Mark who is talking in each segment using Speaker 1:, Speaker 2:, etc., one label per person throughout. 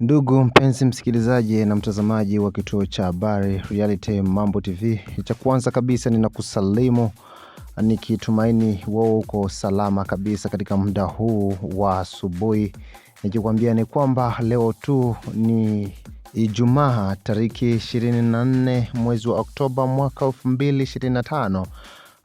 Speaker 1: Ndugu mpenzi msikilizaji na mtazamaji wa kituo cha habari Reality Mambo TV, cha kwanza kabisa ninakusalimu nikitumaini wewe uko salama kabisa katika muda huu wa asubuhi, nikikwambia ni kwamba leo tu ni Ijumaa tariki 24 mwezi wa Oktoba mwaka 2025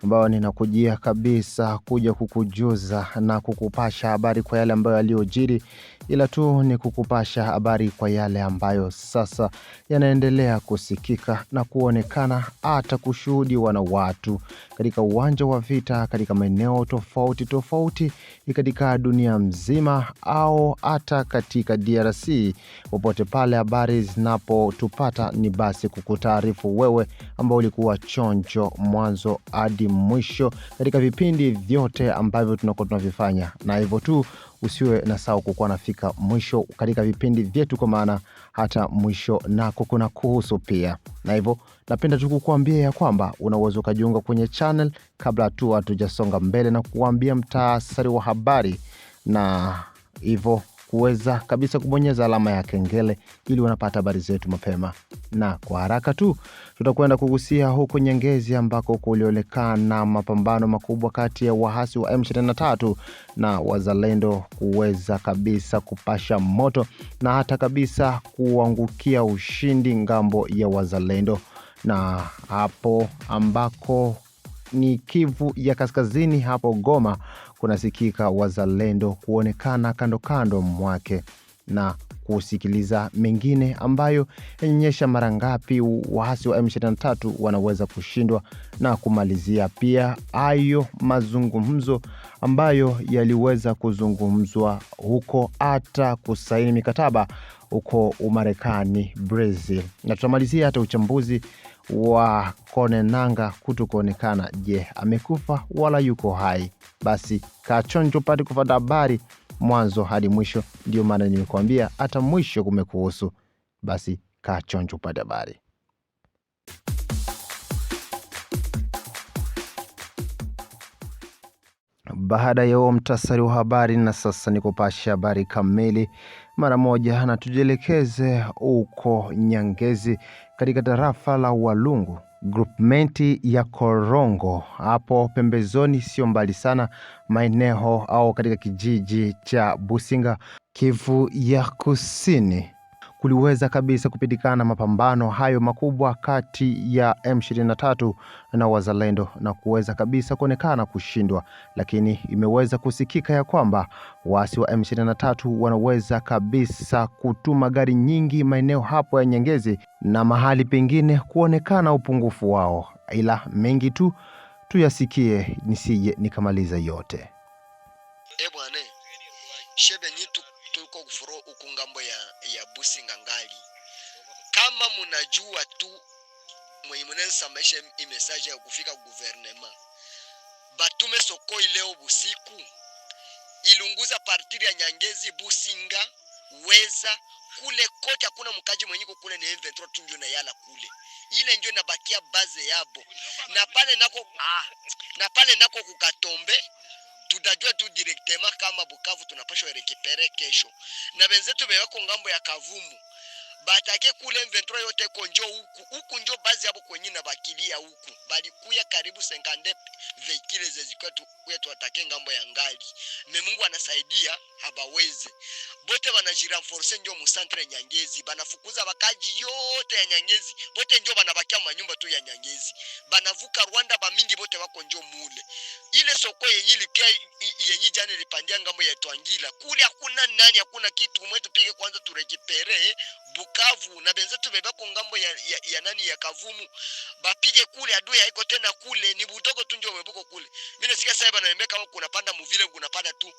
Speaker 1: ambao ninakujia kabisa kuja kukujuza na kukupasha habari kwa yale ambayo yaliyojiri, ila tu ni kukupasha habari kwa yale ambayo sasa yanaendelea kusikika na kuonekana hata kushuhudiwa na watu katika uwanja wa vita katika maeneo tofauti tofauti katika dunia mzima au hata katika DRC. Popote pale habari zinapotupata, ni basi kukutaarifu wewe ambao ulikuwa chonjo mwanzo hadi mwisho katika vipindi vyote ambavyo tunakuwa tunavifanya, na hivyo tu usiwe na sawa kukuwa nafika mwisho katika vipindi vyetu, kwa maana hata mwisho nako kuna kuhusu pia, na hivyo napenda tu kukuambia ya kwamba unaweza ukajiunga kwenye channel kabla tu hatujasonga mbele na kuambia mtasari wa habari, na hivyo kuweza kabisa kubonyeza alama ya kengele ili unapata habari zetu mapema na kwa haraka tu. Tutakwenda kugusia huko Nyengezi ambako kulionekana mapambano makubwa kati ya waasi wa M23 na wazalendo kuweza kabisa kupasha moto na hata kabisa kuangukia ushindi ngambo ya wazalendo na hapo ambako ni Kivu ya Kaskazini, hapo Goma kunasikika wazalendo kuonekana kando kando mwake na kusikiliza mengine ambayo yanaonyesha mara ngapi waasi wa M23 wanaweza kushindwa na kumalizia pia hayo mazungumzo ambayo yaliweza kuzungumzwa huko hata kusaini mikataba huko Umarekani, Brazil, na tutamalizia hata uchambuzi wa Konenanga kuonekana Je, amekufa wala yuko hai? Basi kachonjo chonjo upate kupata habari mwanzo hadi mwisho. Ndio maana nimekuambia hata mwisho kumekuhusu. Basi kachonjo upate habari. Baada ya huo mtasari wa habari, na sasa kupasha habari kamili mara moja, na tujielekeze huko Nyangezi katika tarafa la Walungu grupmenti ya Korongo hapo pembezoni, sio mbali sana maeneo au katika kijiji cha Businga, Kivu ya Kusini kuliweza kabisa kupitikana mapambano hayo makubwa kati ya M23 na wazalendo na kuweza kabisa kuonekana kushindwa, lakini imeweza kusikika ya kwamba waasi wa M23 wanaweza kabisa kutuma gari nyingi maeneo hapo ya Nyengezi na mahali pengine kuonekana upungufu wao, ila mengi tu tuyasikie, nisije nikamaliza yote.
Speaker 2: E bwana eh. shebe nyitu tuko kufuro ku ngambo ya, ya busi ngangali kama munajua tu mwenye munasambasha imesaje ya kufika guvernema batume sokoi leo busiku ilunguza partiri ya Nyangezi Businga weza kule kote hakuna mkaji mwenyiko kule ni M23 tu ndio na yala kule ile ndio inabakia baze yabo na pale nako ah, na pale nako kukatombe tutajua tu directement kama Bukavu tunapashwa rekipere kesho, na wenzetu wewako ngambo ya Kavumu batake kule M23 yote konjo huku huku, njo bazi yabo kwenye na bakilia huku, balikuya karibu 50 veikile zezikuwa kwetu atake ngambo ya ngali me, Mungu anasaidia habaweze bote banajirenforce, njo musantre Nyangezi banafukuza bakaji yote ya Nyangezi, bote njo banabakia manyumba tu ya Nyangezi, banavuka Rwanda bamingi, bote wako njo mule ile soko yenyi likia yenyi jana lipandia ngambo ya Twangila kule, hakuna nani, hakuna kitu mwetu pige kwanza turekipere buku Bukavu na benzetu bebako ngambo ya, ya, ya nani ya Kavumu bapige kule, adui haiko tena kule, ni budogo tu ndio weboko kule. Mimi nasikia sasa bana niambia kama kuna panda muvile kuna panda tu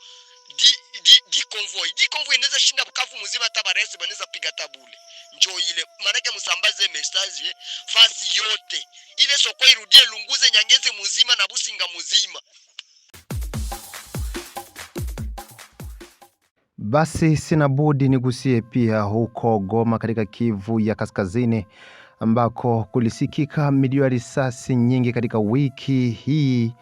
Speaker 2: di di di convoy di convoy inaweza shinda Bukavu mzima, hata baresi banaweza piga tabule njo ile manake, msambaze message eh, fasi yote ile, soko irudie Lunguze, Nyangezi mzima na Businga mzima.
Speaker 1: Basi sina budi nigusie pia huko Goma katika Kivu ya Kaskazini ambako kulisikika milio ya risasi nyingi katika wiki hii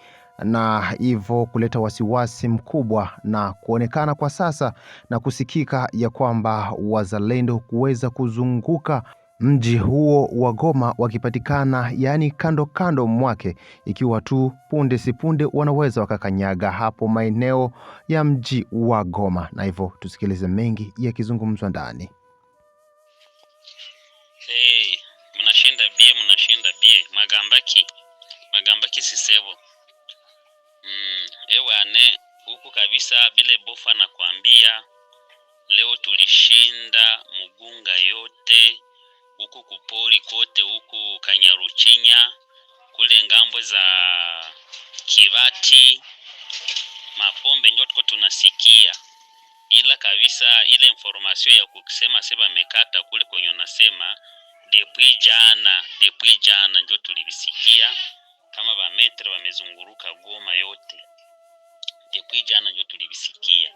Speaker 1: na hivyo kuleta wasiwasi mkubwa na kuonekana kwa sasa na kusikika ya kwamba wazalendo kuweza kuzunguka mji huo wa Goma wakipatikana yaani kando kando mwake, ikiwa tu punde sipunde wanaweza wakakanyaga hapo maeneo ya mji wa Goma, na hivyo tusikilize mengi yakizungumzwa ndani.
Speaker 3: Hey, mnashinda bie, mnashinda bie magambaki magambaki sisevo mm, ewane huku kabisa bile bofa, nakwambia leo tulishinda mugunga yote huku kupori kote huku Kanyaruchinya kule ngambo za Kibati, mapombe ndio tuko tunasikia, ila kabisa ile information ya kusema seba bamekata kule kwenye unasema depuis jana, depuis jana ndio tulisikia kama metre wamezunguruka Goma yote depuis jana ndio tulisikia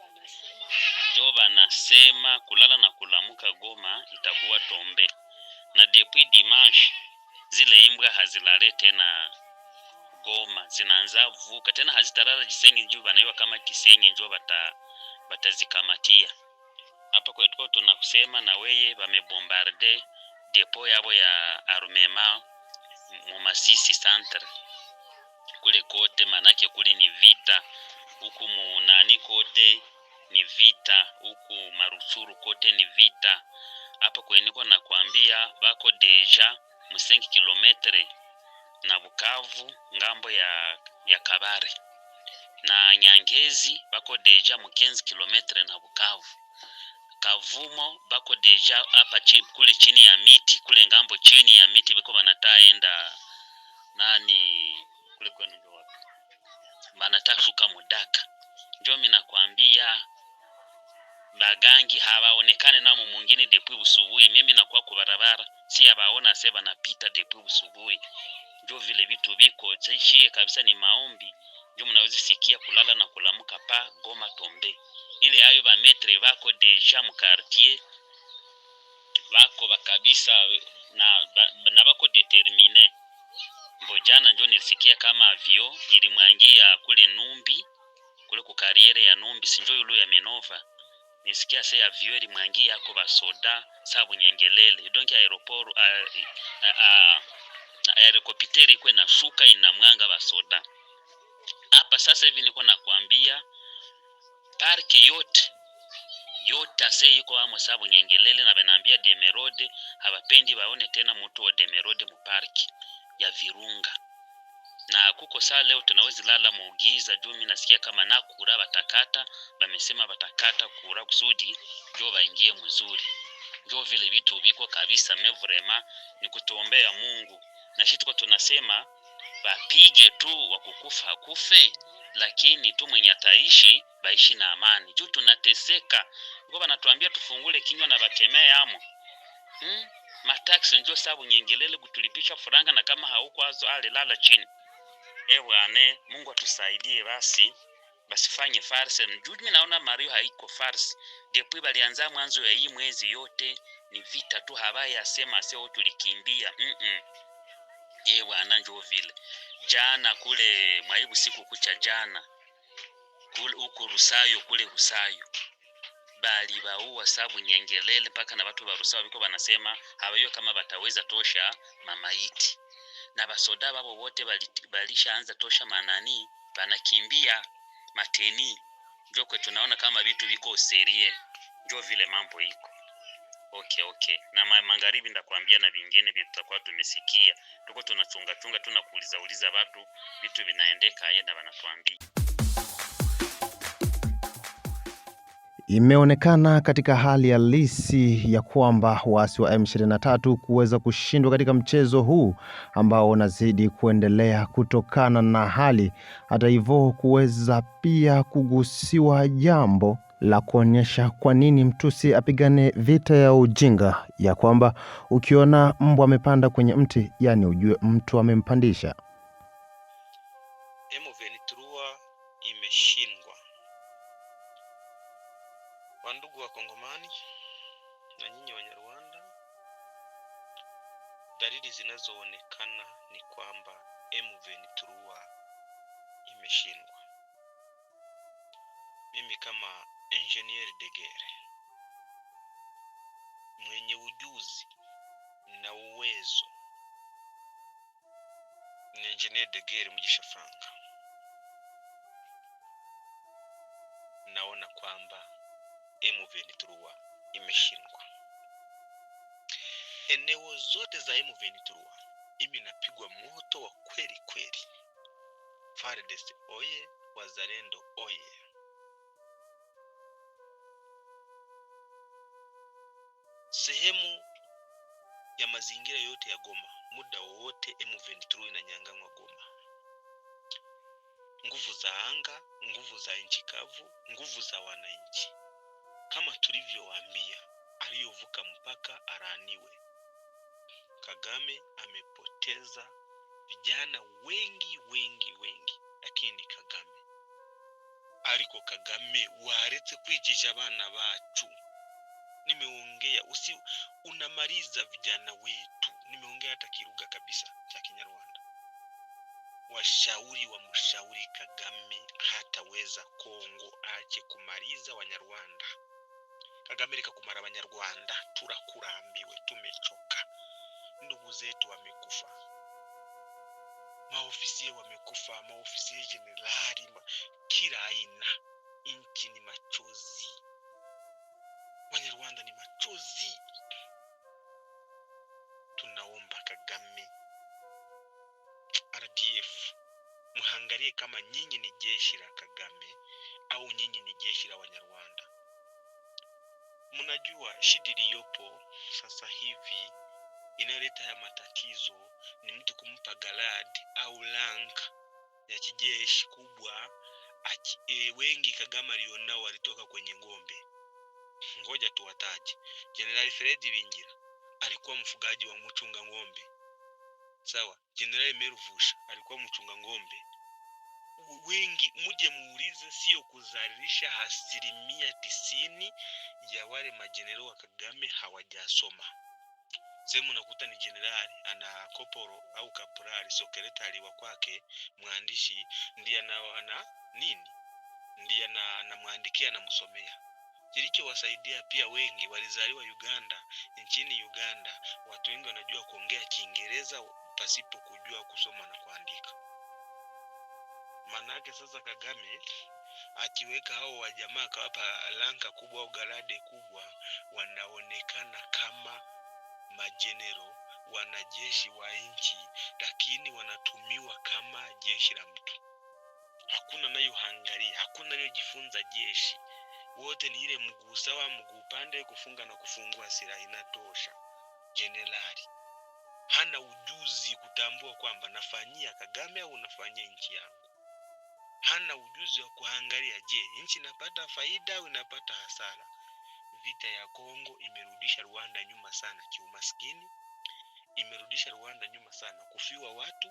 Speaker 3: ndio banasema kulala na kulamuka Goma itakuwa tombe na depuis dimanche zile imbwa hazilale tena Goma, zinaanza vuka tena, hazitalala jisengi juu banaiwa kama kisengi njo bata batazikamatia hapa kwetu. Tunakusema na weye bamebombarde depo yabo ya mu mumasisi centre kule kote, manake kule ni vita huku munani kote ni vita, huku Marusuru kote ni vita. Hapo kweniko nakwambia bako deja musengi kilometre na Bukavu ngambo ya, ya Kabare na Nyangezi bako deja mukenzi kilometre na Bukavu. Kavumo bako deja hapa chi, kule chini ya miti kule ngambo chini ya miti biko banataenda nani kule kwenu wapi, banataka shuka mudaka. Njo nakwambia bagangi hawaonekane namo mwingine depuis busubuhi. Mimi nakuwa kubarabara si abaona se banapita depuis busubuhi, Ndio vile vitu viko chishie kabisa. Ni maombi ndio mnaweza sikia kulala na kulamuka pa Goma Tombe ile ayo metre bako deja mu quartier bako bakabisa na, ba, na bako determine mbojana ndio nilisikia kama avio ilimwangia kule Numbi kule ku kariere ya Numbi sinjo yulu ya Minova nisikia se ya avion mwangi yako basoda sa bunyengelele donc aeroport aerokopiteri ikwe ina inamwanga basoda hapa sasa hivi niko nakwambia parke yote yote ase iko amo sabu bunyengelele na banaambia demerode hawapendi waone tena mtu wa demerode muparki ya virunga na kuko saa leo tunawezi lala muugiza juu mi nasikia kama nakura batakata bamesema batakata kura kusudi njo baingie mzuri njo vile vitu viko kabisa mevrema ni kutuombea mungu na shi tuko tunasema bapige tu wakukufa akufe lakini tu mwenye ataishi baishi na amani juu tunateseka iko banatuambia tufungule kinywa na bakemee amo hmm? mataksi njo sabu nyengelele kutulipisha furanga na kama hauko azo lala chini e eh, bwane, Mungu atusaidie basi basifanye farsa. Mjuu mimi naona Mario haiko farsa depui balianza mwanzo ya hii mwezi yote ni vita tu, habaya asema sio tulikimbia mm -mm. E bwana, njoo vile jana kule mwaibu siku kucha jana kule huko Rusayo kule Rusayo bali baua sabu nyengelele mpaka na watu wa Rusayo biko banasema hawayo kama bataweza tosha mamaiti na basoda babo bote balishaanza tosha manani, banakimbia mateni kwe tunaona kama vitu viko serie, njo vile mambo iko okay, okay. Na magharibi ndakwambia na vingine vile tutakuwa tumesikia, tuko tunachunga chunga, tunakuuliza uliza watu vitu vinaendeka na wanatuambia
Speaker 1: imeonekana katika hali halisi ya kwamba waasi wa M23 kuweza kushindwa katika mchezo huu ambao unazidi kuendelea kutokana na hali hata hivyo kuweza pia kugusiwa jambo la kuonyesha kwa nini mtusi apigane vita ya ujinga, ya kwamba ukiona mbwa amepanda kwenye mti, yani ujue mtu amempandisha.
Speaker 4: M23 imeshinda zinazoonekana ni kwamba MV Nturua imeshindwa. Mimi kama engineer Degere mwenye ujuzi na uwezo ni engineer Degere Mugisha Franka, naona kwamba MV Nturua imeshindwa eneo zote za M23 imi napigwa moto wa kweli kweli. FARDC oye! Wazalendo oye! Sehemu ya mazingira yote ya Goma, muda wowote M23 inanyang'anywa Goma. Nguvu za anga, nguvu za nchi kavu, nguvu za wananchi, kama tulivyowaambia, aliyovuka mpaka araniwe Kagame amepoteza vijana wengi wengi wengi, lakini Kagame ariko Kagame waretse kwicisha abana bacu. Nimeongea usi unamaliza vijana wetu, nimeongea hata kiruga kabisa cha Kinyarwanda. Washauri mshauri Kagame hataweza, Kongo aache kumaliza Wanyarwanda. Kagame reka kumara Abanyarwanda, turakurambiwe, tumechoka ndugu zetu wamekufa, maofisie wamekufa, maofisie jenerali ma, kila aina. Nchi ni machozi, Wanyarwanda ni machozi. Tunaomba Kagame, RDF mhangalie kama nyinyi ni jeshi la Kagame au nyinyi ni jeshi la Wanyarwanda. Mnajua shida iliyopo sasa hivi inayoleta haya matatizo ni mtu kumpa galadi au rank ya kijeshi kubwa. Achi, e, wengi Kagame alionao walitoka kwenye ng'ombe. Ngoja tuwataje. Jenerali Fred Bingira alikuwa mfugaji wa mchunga ng'ombe, sawa. Jenerali Meruvusha alikuwa mchunga ng'ombe. Wengi muje muulize, sio kuzalisha. Asilimia tisini ya wale majenerali wa Kagame hawajasoma sehemu unakuta ni jenerali ana koporo au kaprali sokeretari wa kwake, mwandishi ndiye ana, ana nini ndiye ana, anamwandikia anamsomea. Kilichowasaidia pia, wengi walizaliwa Uganda. Nchini Uganda watu wengi wanajua kuongea Kiingereza pasipo kujua kusoma na kuandika. Manake sasa Kagame akiweka hao wajamaa akawapa lanka kubwa au garade kubwa, wanaonekana kama majenero, wanajeshi wa nchi, lakini wanatumiwa kama jeshi la mtu. Hakuna nayohangaria hakuna anayojifunza jeshi, wote ni ile mguu sawa, mguu pande, kufunga na kufungua silaha inatosha. Jenerali hana ujuzi kutambua kwamba nafanyia Kagame au nafanyia nchi yangu. Hana ujuzi wa kuangalia, je, nchi inapata faida au inapata hasara? vita ya Kongo imerudisha Rwanda nyuma sana kiumaskini, imerudisha Rwanda nyuma sana kufiwa watu.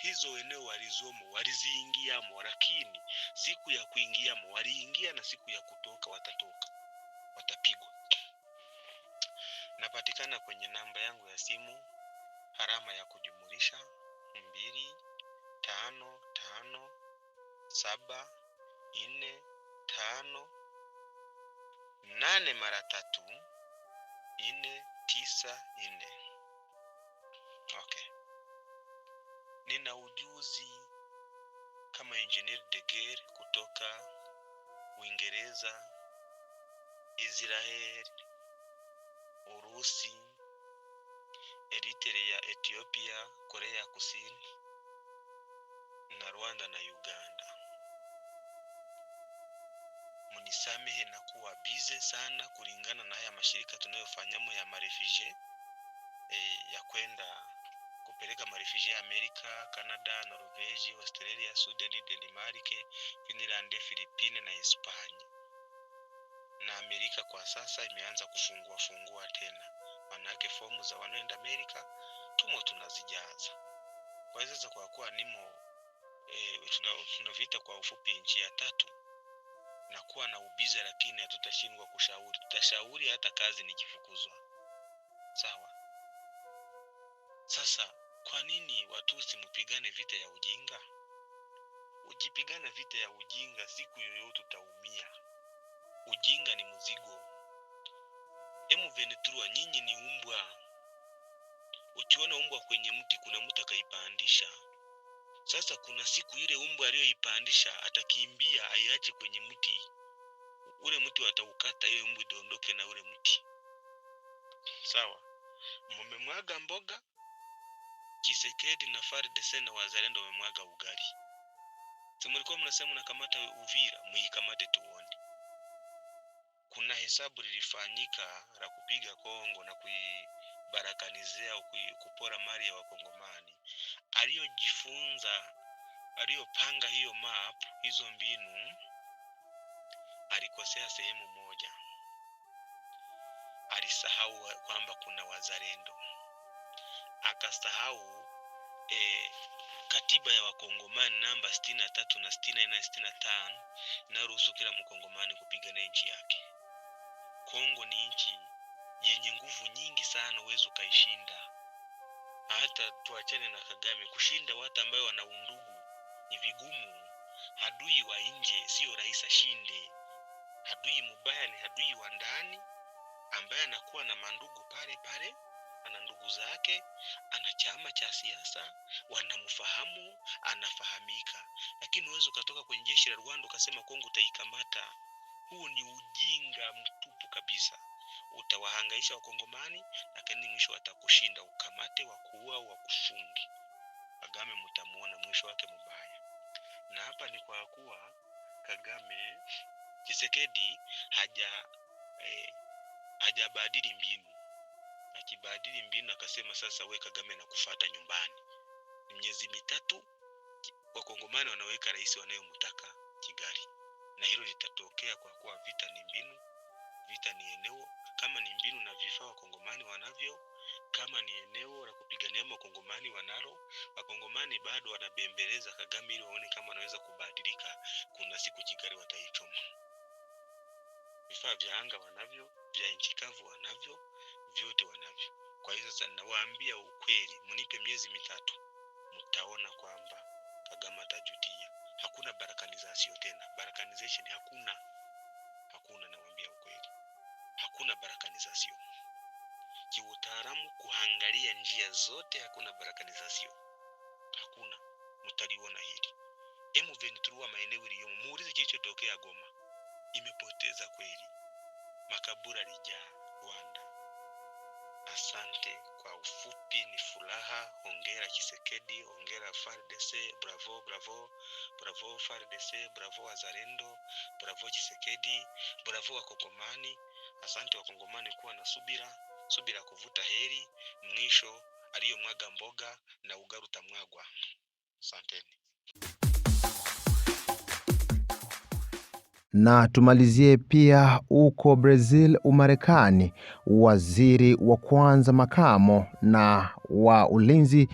Speaker 4: Hizo eneo walizomo waliziingiamo, lakini siku ya kuingiamo waliingia na siku ya kutoka watatoka, watapigwa. Napatikana kwenye namba yangu ya simu harama ya kujumulisha mbili tano tano saba nne tano nane mara tatu nne tisa nne. Okay, nina ujuzi kama engineer Deger kutoka Uingereza, Israel, Urusi, Eritrea, Ethiopia, Korea Kusini na Rwanda na Uganda munisamehe na kuwa bize sana kulingana na haya mashirika tunayofanyamo ya marefugee e, ya kwenda kupeleka marefugee Amerika, Canada, norvegi Australia, Sudani, Denmark, Finland, Filipine na Hispania. Na Amerika kwa sasa imeanza kufungua fungua tena, manake fomu za wanaenda Amerika tumo tunazijaza. Kwa sasa, kwa kuwa nimo e, eh, tunavita kwa ufupi nchi ya tatu na kuwa na ubiza, lakini hatutashindwa kushauri. Tutashauri hata kazi nikifukuzwa. Sawa. Sasa kwa nini Watusi mpigane vita ya ujinga? Ukipigana vita ya ujinga, siku yoyote utaumia. Ujinga ni mzigo. Emu venetrua, nyinyi ni umbwa. Ukiona umbwa kwenye mti, kuna mtu akaipandisha sasa kuna siku ile umbu aliyoipandisha atakimbia aiache kwenye mti, ule mti wataukata ile umbu idondoke na ule mti. Sawa, mumemwaga mboga Chisekedi na FARDC na wazalendo wamemwaga ugali. Si mlikuwa mnasema mnakamata Uvira, muikamate tuone. Kuna hesabu lilifanyika la kupiga Kongo na kui kuibarakanizia kupora mali ya Wakongomani. Aliyojifunza, aliyopanga hiyo map, hizo mbinu, alikosea sehemu moja, alisahau kwamba kuna wazalendo, akasahau e, katiba ya Wakongomani namba sitini na tatu na sitini na nne na sitini na tano inaruhusu kila mkongomani kupigania nchi yake. Kongo ni nchi yenye nguvu nyingi sana uwezo ukaishinda. Na hata tuachane na Kagame, kushinda watu ambayo wana undugu ni vigumu. Adui wa nje siyo rahisi ashinde. Adui mubaya ni adui wa ndani ambaye anakuwa na mandugu pale pale, ana ndugu zake, ana chama cha siasa, wanamfahamu, anafahamika. Lakini uwezo ukatoka kwenye jeshi la Rwanda ukasema Kongo utaikamata. Huu ni ujinga mtupu kabisa utawahangaisha Wakongomani, lakini mwisho watakushinda, ukamate wa kuua wa kufungi. Kagame mtamuona mwisho wake mbaya. na hapa ni kwa kuwa Kagame Chisekedi haja eh, hajabadili mbinu. Akibadili mbinu akasema sasa, we Kagame na kufata nyumbani, miezi mitatu Wakongomani wanaweka rais wanayomtaka Kigali, na hilo litatokea kwa kuwa vita ni mbinu Vita ni eneo, kama ni mbinu na vifaa wakongomani wanavyo, kama ni eneo la kupigania wakongomani wanalo. Wakongomani bado wanabembeleza Kagame ili waone kama wanaweza kubadilika. Kuna siku Kigali wataichoma. Vifaa vya anga wanavyo, vya nchikavu wanavyo, vyote wanavyo. Kwa hiyo sasa nawaambia ukweli, mnipe miezi mitatu, mtaona kwamba kagama atajutia. Hakuna barakanization tena, barakanization hakuna, hakuna na hakuna barakanizasio. Kiutaalamu kuangalia njia zote, hakuna barakanizasio, hakuna mtaliona hili. Emu venturua maeneo iliyomo, muulize kilichotokea Goma. Imepoteza kweli, makabura yalijaa Rwanda. Asante. Kwa ufupi ni furaha. ongera Chisekedi, ongera FARDC, bravo bravo bravo FARDC, bravo azarendo bravo Chisekedi, bravo wakokomani Asante Wakongomani kuwa na subira, subira kuvuta heri, mwisho aliyomwaga mboga na ugaru utamwagwa. Asanteni.
Speaker 1: Na tumalizie pia huko Brazil, Umarekani, waziri wa kwanza makamo na wa ulinzi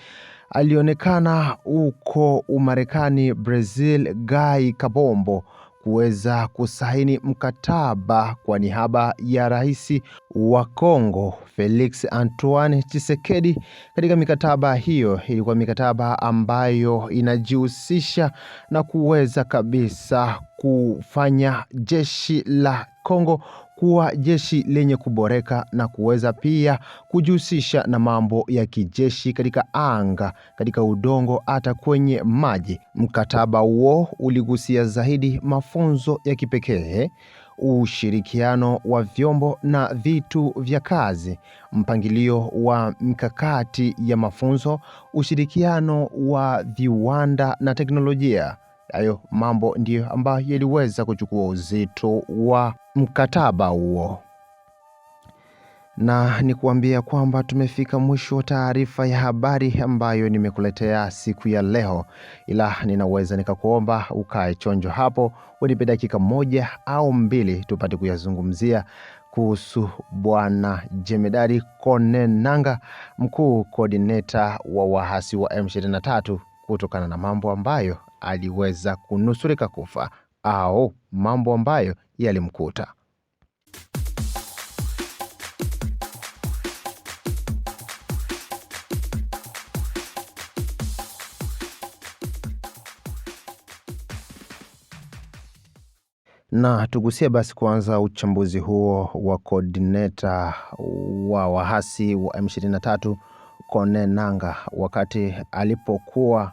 Speaker 1: alionekana huko Umarekani, Brazil, Guy Kabombo kuweza kusaini mkataba kwa niaba ya rais wa Kongo Felix Antoine Tshisekedi. Katika mikataba hiyo, ilikuwa mikataba ambayo inajihusisha na kuweza kabisa kufanya jeshi la Kongo kuwa jeshi lenye kuboreka na kuweza pia kujihusisha na mambo ya kijeshi katika anga, katika udongo, hata kwenye maji. Mkataba huo uligusia zaidi mafunzo ya kipekee ushirikiano wa vyombo na vitu vya kazi, mpangilio wa mikakati ya mafunzo, ushirikiano wa viwanda na teknolojia. Hayo mambo ndiyo ambayo yaliweza kuchukua uzito wa mkataba huo, na ni kuambia kwamba tumefika mwisho wa taarifa ya habari ambayo nimekuletea siku ya leo, ila ninaweza nikakuomba ukae chonjo hapo, unipe dakika moja au mbili tupate kuyazungumzia kuhusu Bwana Jemedari Konenanga, mkuu kodineta wa waasi wa M23, kutokana na mambo ambayo aliweza kunusurika kufa au mambo ambayo yalimkuta. Na tugusie basi kwanza uchambuzi huo wa koordineta wa wahasi wa M23 Kone Nanga wakati alipokuwa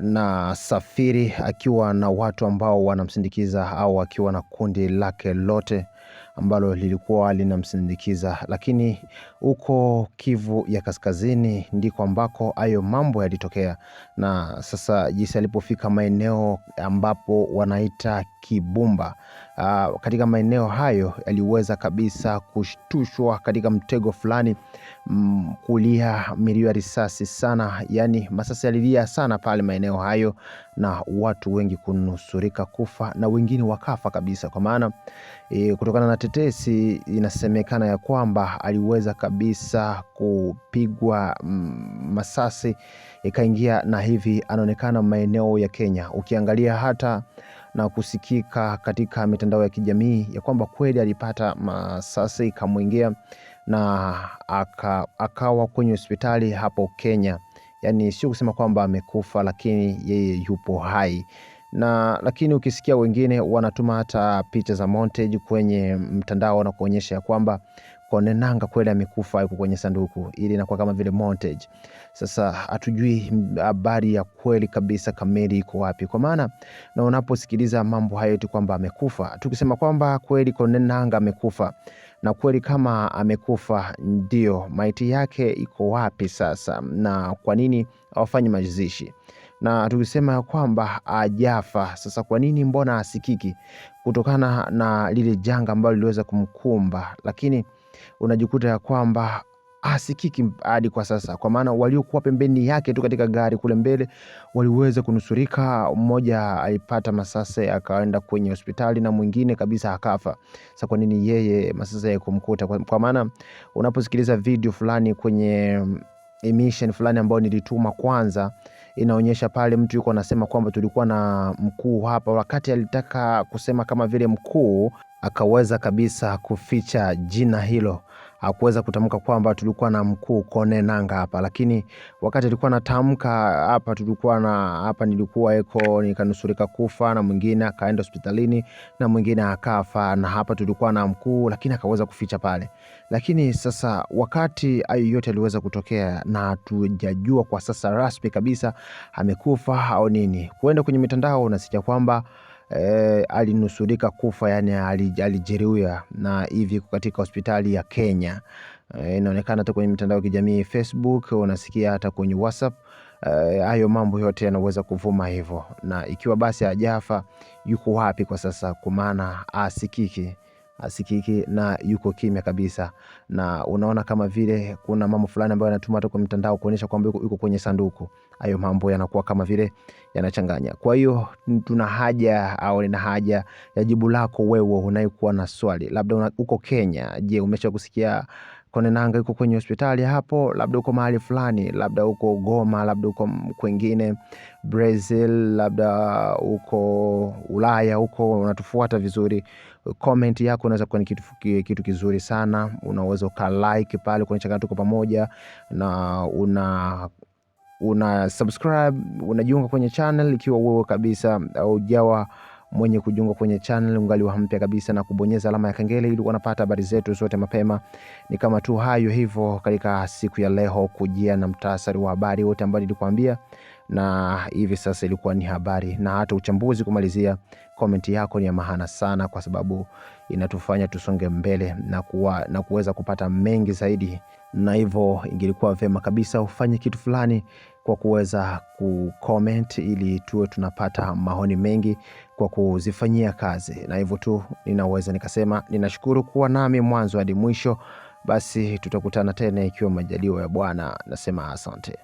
Speaker 1: na safiri akiwa na watu ambao wanamsindikiza au akiwa na kundi lake lote ambalo lilikuwa linamsindikiza, lakini huko Kivu ya Kaskazini ndiko ambako hayo mambo yalitokea. Na sasa jinsi alipofika maeneo ambapo wanaita Kibumba uh, katika maeneo hayo yaliweza kabisa kushtushwa katika mtego fulani mm, kulia milio ya risasi sana, yani masasi yalilia sana pale maeneo hayo, na watu wengi kunusurika kufa na wengine wakafa kabisa, kwa maana e, kutokana na tetesi inasemekana ya kwamba aliweza kabisa kupigwa mm, masasi ikaingia, na hivi anaonekana maeneo ya Kenya ukiangalia hata na kusikika katika mitandao ya kijamii ya kwamba kweli alipata masasi ikamwingia na aka, akawa kwenye hospitali hapo Kenya. Yani sio kusema kwamba amekufa, lakini yeye yupo hai na lakini ukisikia wengine wanatuma hata picha za montage kwenye mtandao na kuonyesha ya kwamba Konenanga kweli amekufa, yuko kwenye sanduku, ili inakuwa kama vile montage. Sasa hatujui habari ya kweli kabisa kamili iko wapi, kwa maana na unaposikiliza mambo hayo tu kwamba amekufa, tukisema kwamba kweli Corneille amekufa, na kweli kama amekufa, ndio maiti yake iko wapi sasa, na kwa nini hawafanyi mazishi? Na tukisema kwamba ajafa sasa, kwa nini mbona asikiki, kutokana na lile janga ambalo liliweza kumkumba, lakini unajikuta ya kwamba hasikiki hadi kwa sasa, kwa maana waliokuwa pembeni yake tu katika gari kule mbele waliweza kunusurika. Mmoja alipata masasa akaenda kwenye hospitali na mwingine kabisa akafa. Sasa kwa nini yeye masase yakumkuta? Kwa, kwa maana unaposikiliza video fulani kwenye mm, emission fulani ambayo nilituma kwanza inaonyesha pale mtu yuko anasema kwamba tulikuwa na mkuu hapa, wakati alitaka kusema kama vile mkuu akaweza kabisa kuficha jina hilo hakuweza kutamka kwamba tulikuwa na mkuu Kone Nanga hapa, lakini wakati alikuwa natamka hapa tulikuwa na hapa, nilikuwa eko nikanusurika kufa, na mwingine akaenda hospitalini, na mwingine akafa, na hapa tulikuwa na mkuu, lakini akaweza kuficha pale. Lakini sasa wakati hayo yote aliweza kutokea, na tujajua kwa sasa rasmi kabisa amekufa au nini, kuenda kwenye mitandao unasikia kwamba eh, alinusurika kufa yani alijeruhiwa na hivi katika hospitali ya Kenya. Eh, inaonekana hata kwenye mitandao ya kijamii Facebook, unasikia hata kwenye WhatsApp eh, hayo uh, mambo yote yanaweza kuvuma hivyo, na ikiwa basi ajafa yuko wapi kwa sasa? Kwa maana asikiki asikiki na yuko kimya kabisa, na unaona kama vile kuna mambo fulani ambayo yanatuma hata kwa mtandao kuonyesha kwamba yuko kwenye sanduku. Hayo mambo yanakuwa kama vile yanachanganya. Kwa hiyo tuna haja au nina haja ya jibu lako wewe unayekuwa na swali, labda uko Kenya. Je, umesha kusikia Konenanga yuko kwenye hospitali hapo, labda uko mahali fulani, labda uko Goma, labda uko kwengine Brazil, labda uko Ulaya, huko unatufuata vizuri, comment yako unaweza kuwa ni kitu, kitu kizuri sana. Unaweza like pale kwenye kama tuko pamoja na una una subscribe unajiunga kwenye channel ikiwa wewe kabisa ujawa mwenye kujiunga kwenye channel ungali wa mpya kabisa na kubonyeza alama ya kengele ili unapata habari zetu zote mapema. Ni kama tu hayo hivyo katika siku ya leo, kujia na mtasari wa habari wote ambao nilikwambia na hivi sasa ilikuwa ni habari na hata uchambuzi. Kumalizia, komenti yako ni ya maana sana, kwa sababu inatufanya tusonge mbele na kuwa, na kuweza kupata mengi zaidi, na hivyo ingilikuwa vema kabisa ufanye kitu fulani kwa kuweza kucomment ili tuwe tunapata maoni mengi kwa kuzifanyia kazi, na hivyo tu ninaweza nikasema ninashukuru kuwa nami mwanzo hadi mwisho. Basi tutakutana tena ikiwa majaliwa ya Bwana. Nasema asante.